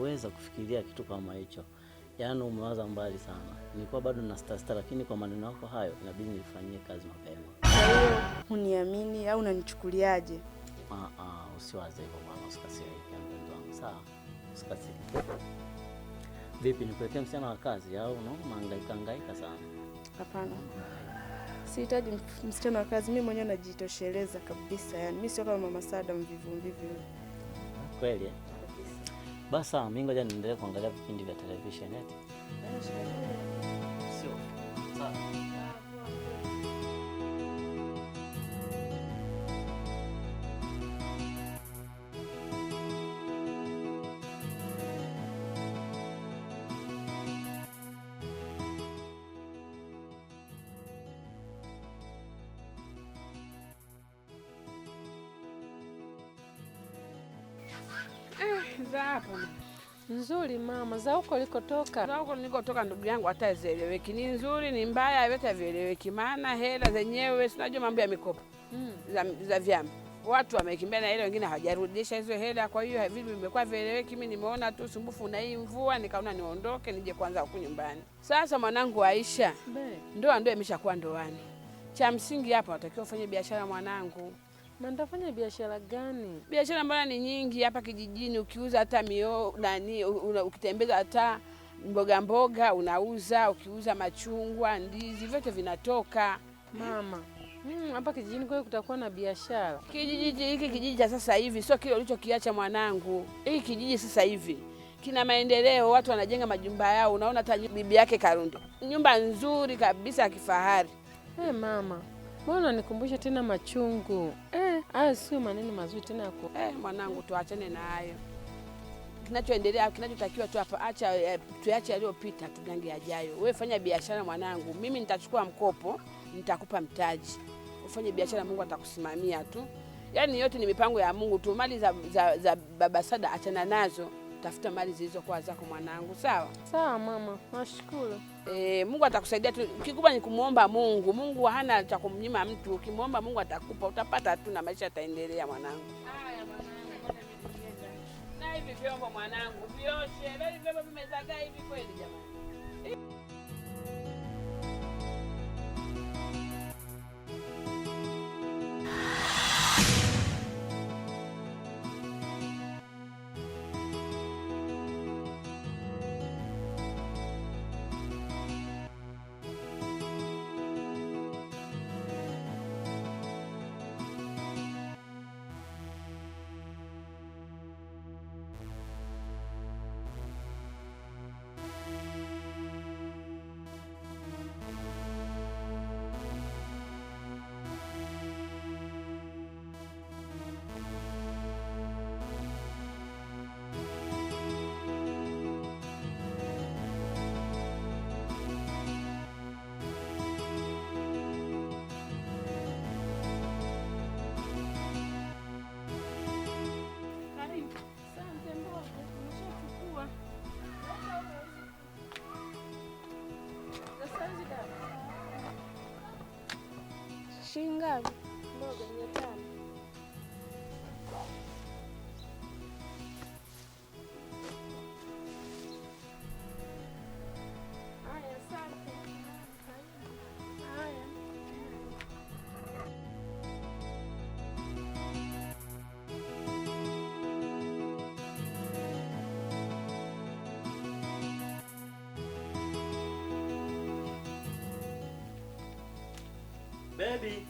sikuweza kufikiria kitu kama hicho, yaani umewaza mbali sana. Nilikuwa bado na star lakini kwa maneno yako hayo inabidi nifanyie kazi mapema. Kwa huniamini au unanichukuliaje? Ah, ah, usiwaze hivyo mama, usikasirike mpenzi wangu, sawa? Usikasirike. Vipi, nikuwekee msichana wa kazi au no? Mangaika ngaika sana? Hapana, sihitaji msichana wa kazi, mi mwenyewe najitosheleza kabisa. Yani mi sio kama mama Sada mvivu mvivu kweli. Basa, mimi ngoja niendelee kuangalia vipindi vya televisheni eti. za hapo nzuri mama, za huko likotoka, za huko nilikotoka, ndugu yangu, hata hazieleweki. Ni nzuri ni mbaya, yote havieleweki, maana hela zenyewe sinajua mambo ya mikopo mm. za, za vyama watu wamekimbia na hela, wengine hawajarudisha hizo hela. Kwa hiyo vitu vimekuwa vieleweki. Mimi nimeona tu sumbufu na hii mvua, nikaona niondoke nije kwanza huku nyumbani. Sasa mwanangu Aisha, ndoa ndio imeshakuwa ndoani, cha msingi hapa watakiwa ufanye biashara mwanangu. Na biashara gani? Biashara mbona ni nyingi hapa kijijini, ukiuza hata mio nani, ukitembeza hata mboga mboga unauza, ukiuza machungwa, ndizi, vyote vinatoka mama. Hmm, hapa kijijini kwa kutakuwa na biashara. Kijiji hiki kijiji cha sasa hivi sio kile ulichokiacha mwanangu. Hiki kijiji sasa hivi kina maendeleo, watu wanajenga majumba yao. Unaona hata bibi yake Karundi, nyumba nzuri kabisa ya kifahari. Hey, eh, mama Mbona nikumbusha tena machungu eh, hayo eh? Sio maneno mazuri tena yako eh, mwanangu, tuachane na hayo. Kinachoendelea, kinachotakiwa tu hapa, acha eh, tuache yaliyopita, tugange yajayo. Wewe fanya biashara mwanangu, mimi nitachukua mkopo, nitakupa mtaji, ufanye biashara, Mungu atakusimamia tu. Yaani yote ni mipango ya Mungu tu. Mali za, za, za baba Sada achana nazo, tafuta mali zilizokuwa zako mwanangu, sawa sawa mama. Nashukuru. E, Mungu atakusaidia tu. Kikubwa ni kumwomba Mungu. Mungu hana cha kumnyima mtu, ukimwomba Mungu atakupa, utapata tu na maisha yataendelea, mwanangu. Haya mwanangu, na hivi vyombo mwanangu, vioshe. Vyombo vimezagaa hivi kweli jamani. Shilingi ngapi? mia tano. Baby.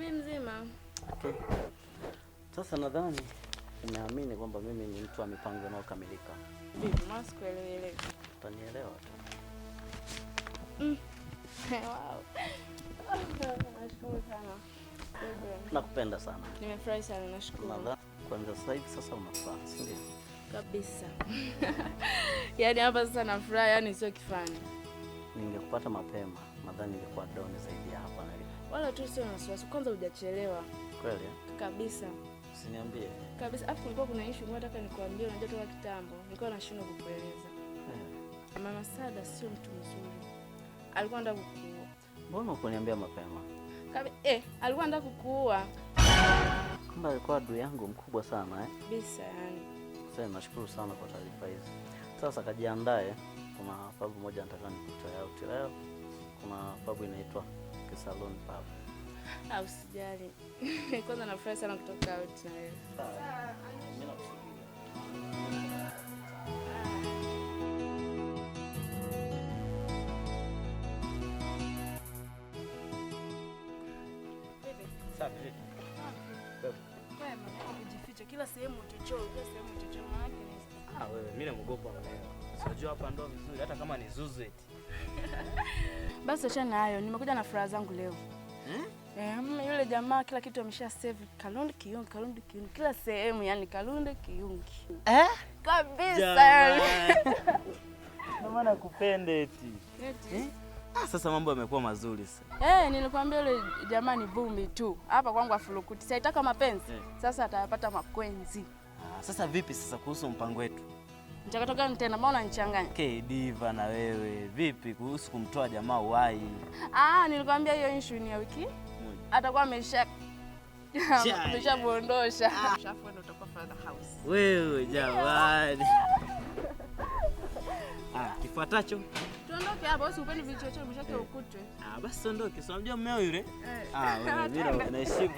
mimi mzima. Okay. Sasa nadhani umeamini kwamba mimi ni mtu wa mipango inayokamilika. Sikuelewi. Utanielewa tu. Mm. Wow. Nashukuru sana. Nakupenda sana. Nimefurahi sana, nashukuru. Kwanza sasa hivi sasa unafuraha, si ndio? Kabisa. Yaani hapa sasa nafurahi, yani sio kifani. Ningekupata mapema, nadhani ningekuwa doni zaidi hapa na wala tu sio na wasiwasi. Kwanza hujachelewa kweli eh? kabisa, usiniambie kabisa. Afu kulikuwa kuna issue moja nataka nikuambie, unajua toka kitambo nilikuwa nashindwa kukueleza. hmm. Mama Sada sio mtu mzuri, alikuwa anataka kukuua. Mbona ukuniambia mapema? Kabi, eh, alikuwa anataka kukuua. Kumbe alikuwa adui yangu mkubwa sana eh? Bisa yani. Sasa nashukuru sana kwa taarifa hizi. Sasa kajiandae, kuna pabu moja nataka nikutoe out leo. Kuna pabu inaitwa yake salon pub. Au ah, sijali. Kwanza nafurahi sana kutoka out na wewe. Mimi nakusudia. Kila sehemu ah, mimi namuogopa mwanao. Sijua hapa ndo vizuri hata kama ni Zuzu eti. Basi achana hayo, nimekuja na furaha zangu leo eh? Eh, mm, yule jamaa kila kitu amesha save Kalundi kiungi, Kalundi kiungi, kila sehemu, yani Kalundi kiungi eh? kabisa ndio maana kupende eti eh? Ah, sasa mambo yamekuwa mazuri sasa. Eh, nilikwambia yule jamaa ni bumi tu hapa kwangu afurukuti, Sitaka mapenzi eh. Sasa atayapata makwenzi. Ah, sasa vipi sasa kuhusu mpango wetu Mchakato gani tena? Mbona unanichanganya? Okay, diva na wewe. Vipi kuhusu kumtoa jamaa uhai? Ah, nilikwambia hiyo issue ni ya wiki. Atakuwa amesha ameshamuondosha. Ah, wewe jamani. Ah, kifuatacho tuondoke hapo, hapa, usipendi vichochoro, eh. ukutwe. Ah, basi tuondoke. Si unajua mmeo yule? Eh. Ah, wewe mimi naheshimu.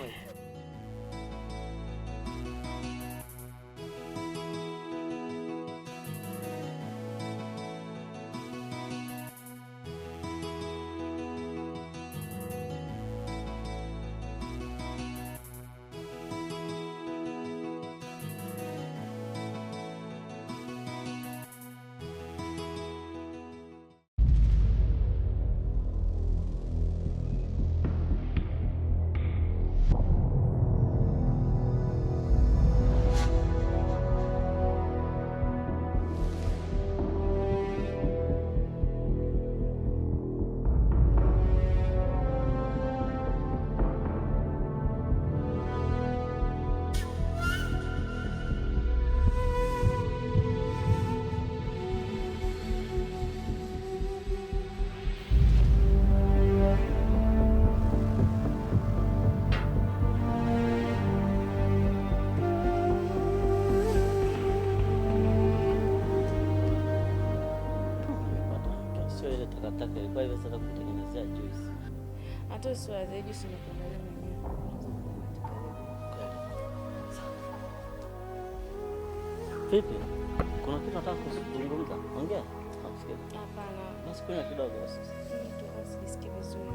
sio ile takataka ilikuwa ile. Sasa kutengenezea juice, hata siwaze juice nikuandalia mwenyewe. Vipi, kuna kitu nataka kuzungumza, ongea. Hapana, basi kuna kidogo, sisikii vizuri.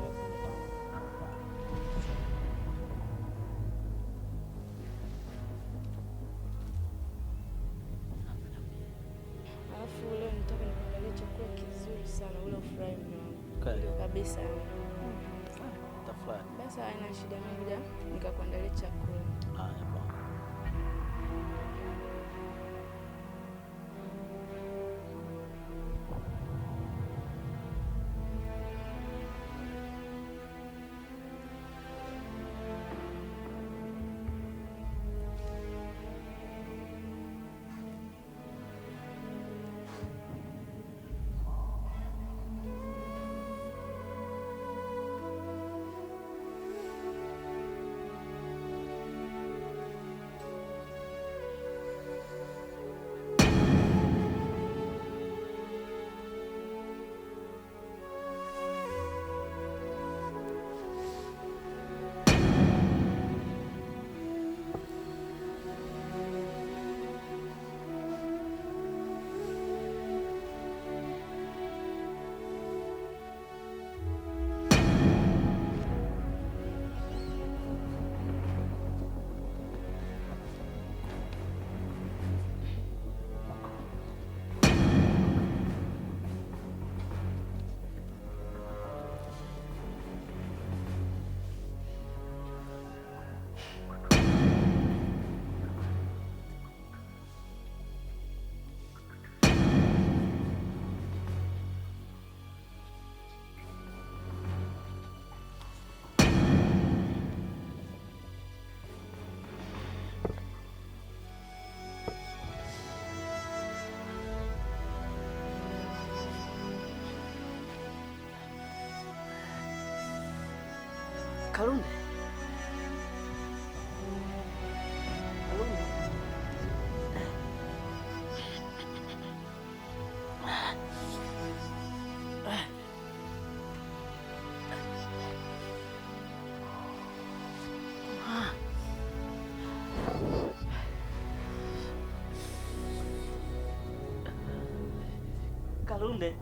るんで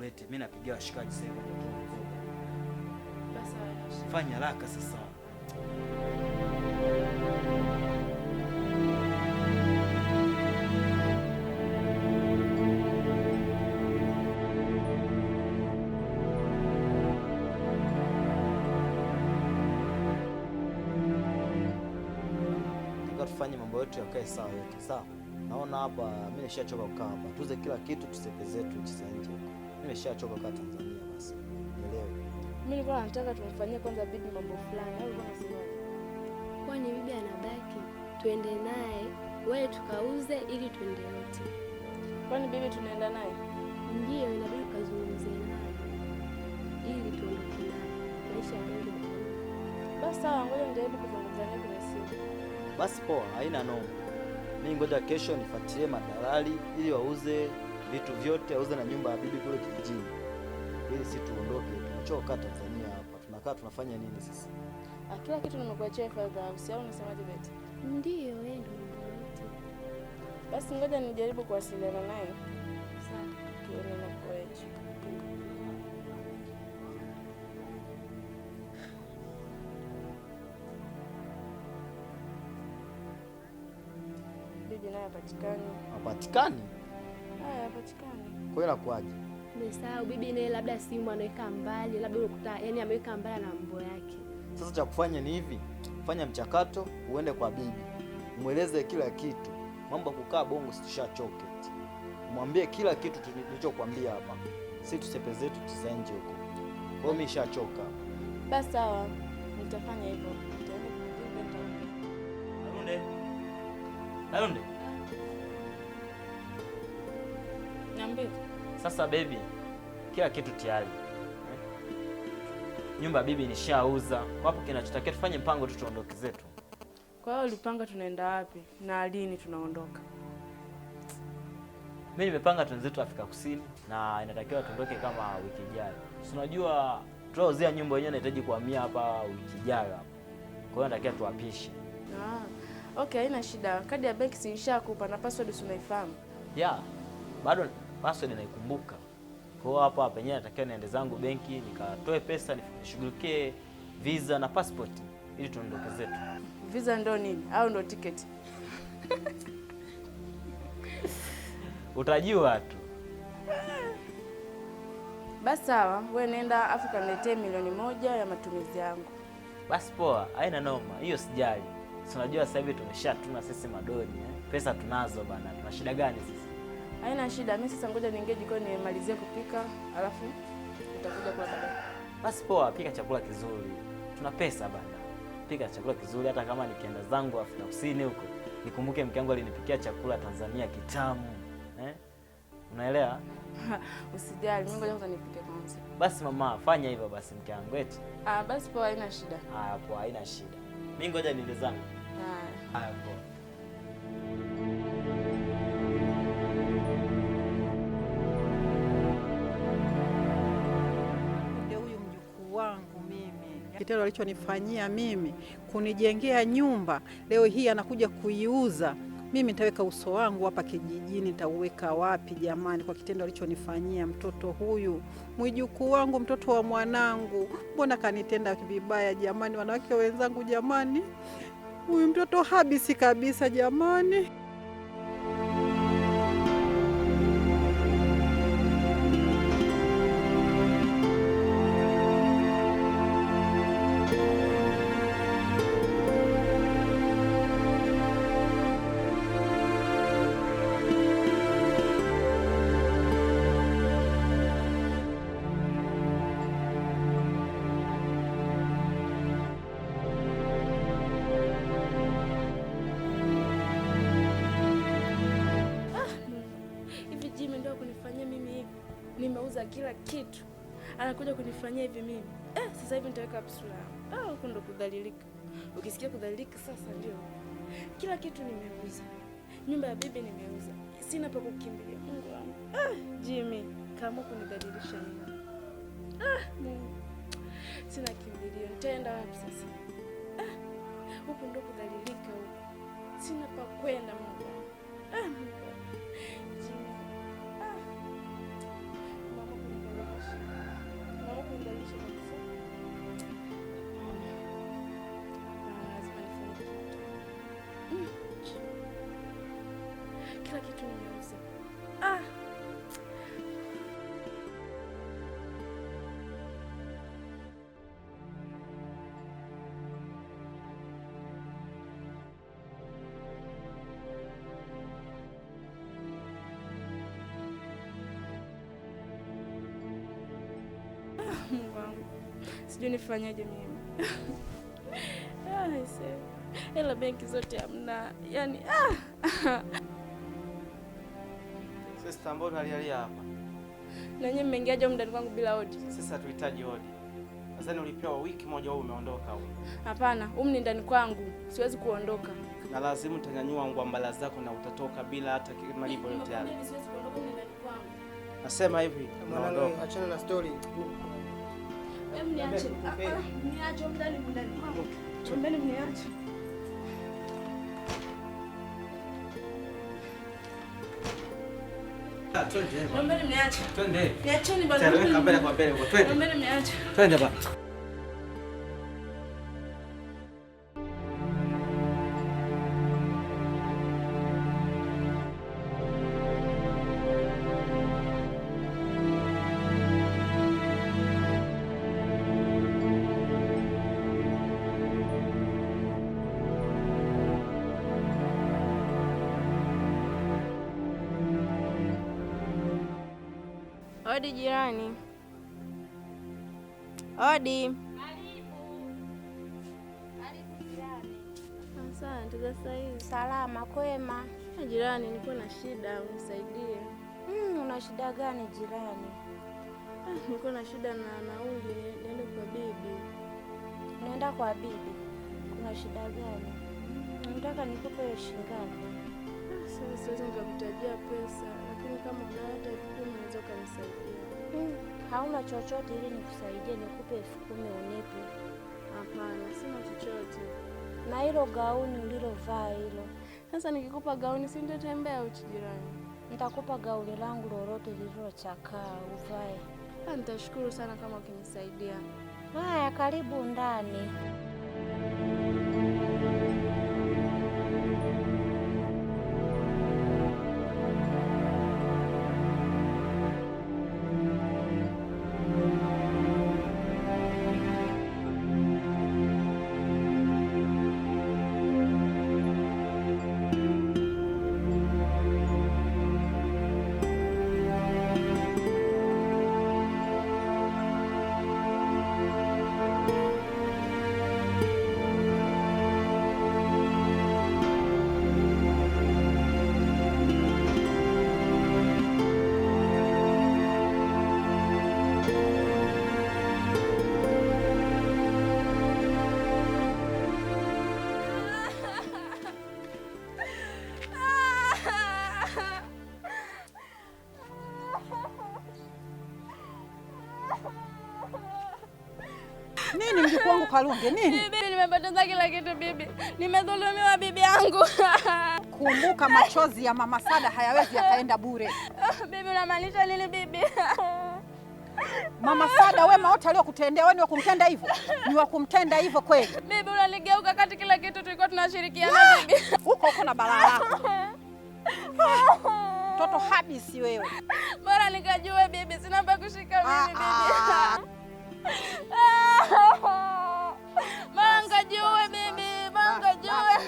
ulete. Mimi napigia washikaji sasa hivi. Fanya haraka sasa. Tufanye mambo yetu yakae sawa yote, sawa. Naona hapa mimi nishachoka kukaa hapa, tuze kila kitu, tusepeze nchi za nje huko. Nimeshachoka kwa Tanzania basi. Nielewe. Mimi nilikuwa nataka tumfanyie kwanza bibi mambo fulani au kwa sababu. Kwa ni bibi anabaki, tuende naye, wewe tukauze ili tuende wote. Kwani bibi tunaenda naye? Ndiyo, inabidi kazungumzie naye ili tuondoke naye. Maisha yangu. Basi sawa, ngoja nijaribu kuzungumza naye kwa simu. Basi poa, haina noma. Mimi ngoja kesho nifuatilie madalali ili wauze vitu vyote, auze na nyumba ya bibi kule kijijini, ili si tuondoke. Tunachoka Tanzania hapa, tunakaa tunafanya nini sisi? Ah, kila kitu nimekuachia fedha au si au unasemaje Beti? Ndio, wewe ndio mtu. Basi ngoja nijaribu kuwasiliana naye. Sawa. Tuone na hapatikani. Hapatikani? hapatikani. Kwa hiyo kwaje? Nimesahau bibi ni labda simu anaweka mbali, labda unakuta yani ameweka mbali na mambo yake. Sasa cha kufanya ni hivi, fanya mchakato, uende kwa bibi, mweleze kila kitu, mambo ya kukaa bongo situshachoke, mwambie kila kitu tulichokwambia hapa, si tusepe zetu tuzenje huko. Kwa hiyo mimi nishachoka. Basi sawa, nitafanya hivyo. Arunde, Arunde. Sasa baby, kila kitu tayari Nyumba bibi nishauza, wapo kinachotakiwa tufanye mpango tu tuondoke zetu. Kwa hiyo ulipanga tunaenda wapi na lini tunaondoka? Mimi nimepanga zetu Afrika Kusini na inatakiwa tuondoke kama wiki ijayo. Si unajua tunauzia nyumba yenyewe inahitaji kuhamia hapa wiki ijayo hapa. Kwa hiyo natakiwa tuwapishe. Ah, okay, haina shida. Kadi ya benki nishakupa na password unaifahamu? Yeah. Bado password naikumbuka. Kwa hiyo hapo penyewe natakiwa niende zangu benki nikatoe pesa nishughulikie visa na passport ili tuondoke zetu. Visa ndo nini au ndo tiketi? Utajua tu. Basi sawa, wewe nenda afu kaniletee milioni moja ya matumizi yangu. Basi poa, haina noma, hiyo sijali. Si unajua sasa hivi tumeshatuna sisi madoni eh? Pesa tunazo bana, tuna shida gani sisi? Haina shida, mimi sasa ngoja niingie jikoni nimalizie kupika, alafu utakuja kula baadaye. Basi poa, pika chakula kizuri, tuna pesa bana. Pika chakula kizuri, hata kama nikienda zangu Afrika Kusini huko nikumbuke mke wangu alinipikia chakula Tanzania kitamu eh? Unaelewa? Usijali, mimi ngoja kwanza nipike kwanza. Basi mama, fanya hivyo basi mke wangu eti. Ah, basi poa, haina shida. Haya poa, haina shida. Mimi ngoja niende zangu. Haya poa. kitendo alichonifanyia mimi, kunijengea nyumba, leo hii anakuja kuiuza. Mimi nitaweka uso wangu hapa kijijini, nitauweka wapi jamani, kwa kitendo alichonifanyia mtoto huyu, mwijukuu wangu, mtoto wa mwanangu? Mbona kanitenda vibaya jamani, wanawake wenzangu, jamani, huyu mtoto habisi kabisa jamani. kila kitu, anakuja kunifanyia hivi mimi eh. Sasa hivi nitaweka wapi sura yangu? Ah, huko ndo kudhalilika. Ukisikia kudhalilika, sasa ndio kila kitu nimeuza, nyumba ya bibi nimeuza, sina pa kukimbilia. Mungu wangu, ah, Jimmy kama kunidhalilisha mimi, ah, Mungu, sina kimbilio, nitaenda wapi sasa? Ah, huko ndo kudhalilika, huko sina pa kwenda. Mungu wangu, ah, Mungu Mungu wangu, sijui nifanyaje mimi. Ah, Hela benki zote hamna, yani ah. mbona unalialia hapa? mmeingiaje ndani kwangu bila odi? Sasa tuhitaji odi. Sasa ulipewa wiki moja, wewe umeondoka huko. Hapana, humu ni ndani kwangu, siwezi kuondoka. Na lazima utanyanyua ngwambala zako na utatoka bila hata malipo yote yale. Nasema hivi, Achana na story. এমনি আছে নিয়ে আছে ওমদানি মুন্ডানি ওমদানি নিয়ে আছে 좀 내. 좀 내. 내 천이 봐. 자, 가베라 가베라. 좀 내. 좀내 봐. Odi jirani, odi. Asante za saizi. Salama kwema. Jirani, niko na shida, unisaidie. Mm, una shida gani jirani? Ah, niko na shida na nauli, niende kwa bibi. Naenda kwa bibi, kuna shida gani? Hmm, nataka nikupe shilingi ngapi? hivi siwezi nikakutajia pesa, lakini kama una hata elfu kumi unaweza ukanisaidia. Hmm, hauna chochote ili nikusaidie? Nikupe elfu kumi unipe? Hapana, sina chochote. Na hilo gauni ulilovaa hilo, sasa nikikupa gauni si ntatembea uchi jirani? Nitakupa gauni langu lolote lililochakaa uvae. Ah, nitashukuru sana kama ukinisaidia. Haya, karibu ndani. ukalunge nini? Bibi, nimepoteza kila kitu bibi, nimedhulumiwa bibi yangu. Kumbuka, machozi ya mama Sada hayawezi yakaenda bure. Bibi, unamaanisha nini bibi? Mama Sada, wema wote aliokutendea wewe ni wa kumtenda hivyo? Ni wa kumtenda hivyo kweli? Bibi, unanigeuka kati kila kitu tulikuwa tunashirikiana bibi. Huko huko na balaa lako. Toto habisi wewe. Bora nikajue bibi, sina pa kushika mimi ah, ah. bibi. Manga jiue bibi, manga jiue.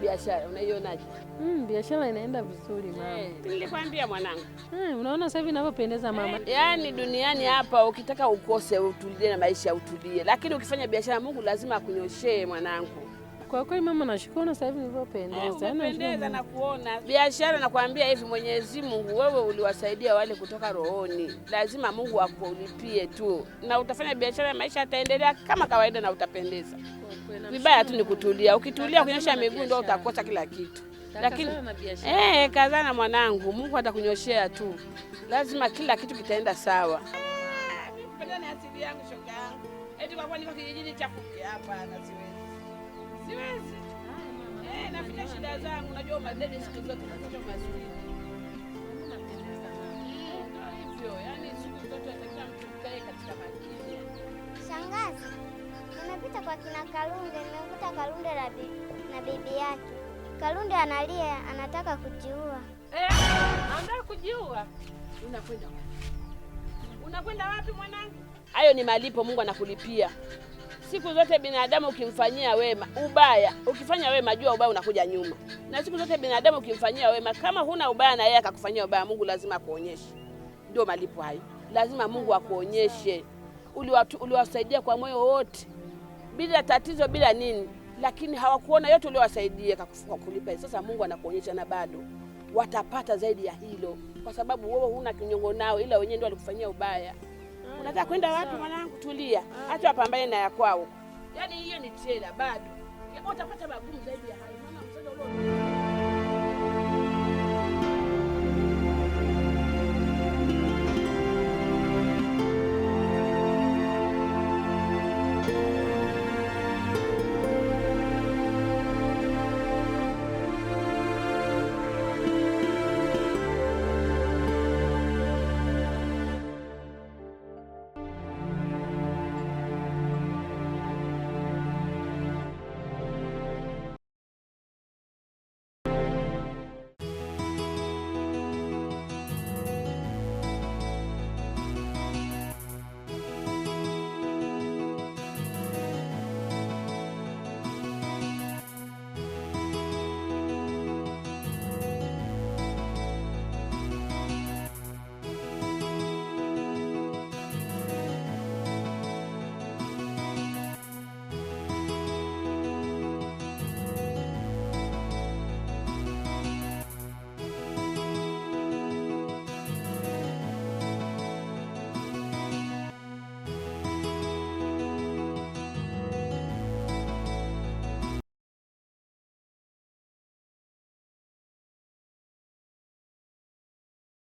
biashara unaionaje? Mm, biashara inaenda vizuri mama. Hey, eh, nilikwambia mwanangu. Hey, mm, unaona sasa hivi inavyopendeza mama. Hey, eh, yaani duniani hapa ukitaka ukose utulie na maisha utulie, lakini ukifanya biashara Mungu lazima akunyoshee mwanangu. Kwa kweli mama, nashukuru sasa hivi nilivyopendeza. Eh, yaani Pendeza na kuona biashara, nakwambia hivi, Mwenyezi Mungu wewe uliwasaidia wale kutoka rohoni, lazima Mungu akulipie tu, na utafanya biashara maisha yataendelea kama kawaida na utapendeza. Vibaya tu ni kutulia, ukitulia kunyosha miguu ndio utakosa kila kitu lakini eh, eh kazana na mwanangu, Mungu atakunyoshea tu, lazima kila kitu kitaenda sawa. Eh, zangu, yaani Shangazi, nimepita kwa kina Kalunde, nimekuta Kalunde na bibi yake Kalunde analia, anataka kujiua. Eh, anataka kujiua? Unakwenda wapi? Unakwenda wapi mwanangu? Hayo ni malipo, Mungu anakulipia siku zote. Binadamu ukimfanyia wema ubaya, ukifanya wema, jua ubaya unakuja nyuma, na siku zote binadamu ukimfanyia wema, kama huna ubaya na yeye akakufanyia ubaya, Mungu lazima akuonyeshe. Ndio malipo hayo, lazima Mungu akuonyeshe uliwasaidia kwa moyo wote, bila tatizo, bila nini lakini hawakuona yote uliowasaidia kwa kulipa. Sasa Mungu anakuonyesha na bado watapata zaidi ya hilo, kwa sababu wewe huna kinyongo nao, ila wenyewe ndio walikufanyia ubaya. Unataka kwenda ah, wapi mwanangu? Tulia, ah. acha wapambane na ya kwao. Yaani hiyo ni tela bado, hebu yaani utapata magumu zaidi ya hayo mama.